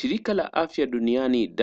Shirika la Afya Duniani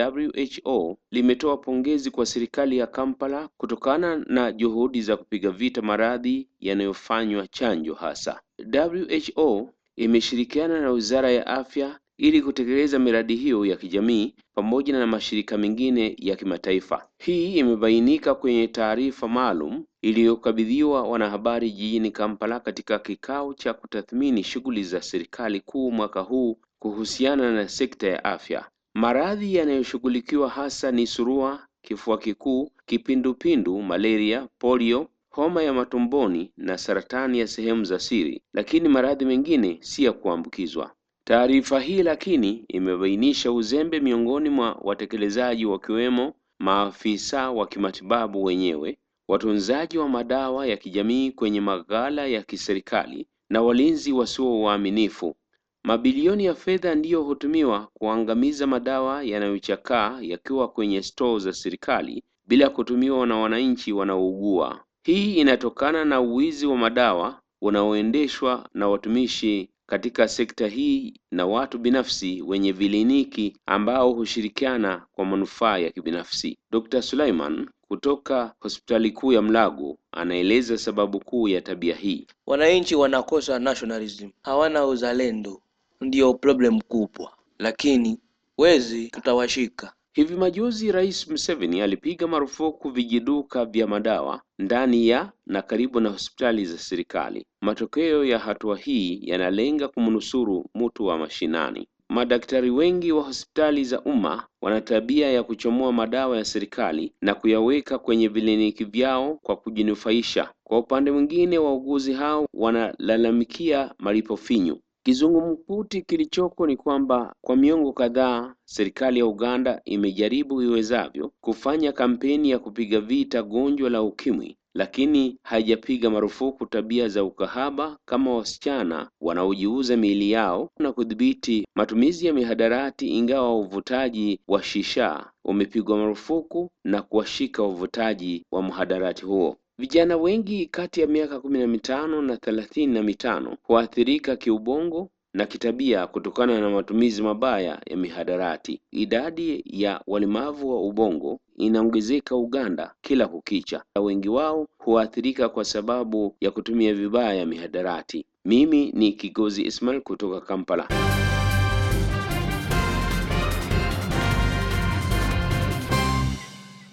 WHO limetoa pongezi kwa serikali ya Kampala kutokana na juhudi za kupiga vita maradhi yanayofanywa chanjo hasa. WHO imeshirikiana na Wizara ya Afya ili kutekeleza miradi hiyo ya kijamii pamoja na mashirika mengine ya kimataifa. Hii imebainika kwenye taarifa maalum iliyokabidhiwa wanahabari jijini Kampala katika kikao cha kutathmini shughuli za serikali kuu mwaka huu kuhusiana na sekta ya afya. Maradhi yanayoshughulikiwa hasa ni surua, kifua kikuu, kipindupindu, malaria, polio, homa ya matumboni na saratani ya sehemu za siri, lakini maradhi mengine si ya kuambukizwa. Taarifa hii lakini imebainisha uzembe miongoni mwa watekelezaji wakiwemo maafisa wa kimatibabu wenyewe, watunzaji wa madawa ya kijamii kwenye maghala ya kiserikali na walinzi wasio waaminifu. Mabilioni ya fedha ndiyo hutumiwa kuangamiza madawa yanayochakaa yakiwa kwenye stoo za serikali bila kutumiwa na wananchi wanaougua. Hii inatokana na uwizi wa madawa unaoendeshwa na watumishi katika sekta hii na watu binafsi wenye viliniki ambao hushirikiana kwa manufaa ya kibinafsi. Dr. Suleiman kutoka hospitali kuu ya Mlago anaeleza sababu kuu ya tabia hii. Wananchi wanakosa nationalism, hawana uzalendo, ndiyo problem kubwa, lakini wezi tutawashika Hivi majuzi Rais Museveni alipiga marufuku vijiduka vya madawa ndani ya na karibu na hospitali za serikali. Matokeo ya hatua hii yanalenga kumnusuru mtu wa mashinani. Madaktari wengi wa hospitali za umma wana tabia ya kuchomoa madawa ya serikali na kuyaweka kwenye viliniki vyao kwa kujinufaisha. Kwa upande mwingine, wauguzi hao wanalalamikia malipo finyu Kizungumkuti kilichoko ni kwamba kwa miongo kadhaa serikali ya Uganda imejaribu iwezavyo kufanya kampeni ya kupiga vita gonjwa la ukimwi, lakini haijapiga marufuku tabia za ukahaba kama wasichana wanaojiuza miili yao na kudhibiti matumizi ya mihadarati, ingawa uvutaji wa shisha umepigwa marufuku na kuwashika wavutaji wa mhadarati huo. Vijana wengi kati ya miaka kumi na mitano na thelathini na mitano huathirika kiubongo na kitabia kutokana na matumizi mabaya ya mihadarati. Idadi ya walemavu wa ubongo inaongezeka Uganda kila kukicha, na wengi wao huathirika kwa sababu ya kutumia vibaya mihadarati. Mimi ni Kigozi Ismail kutoka Kampala.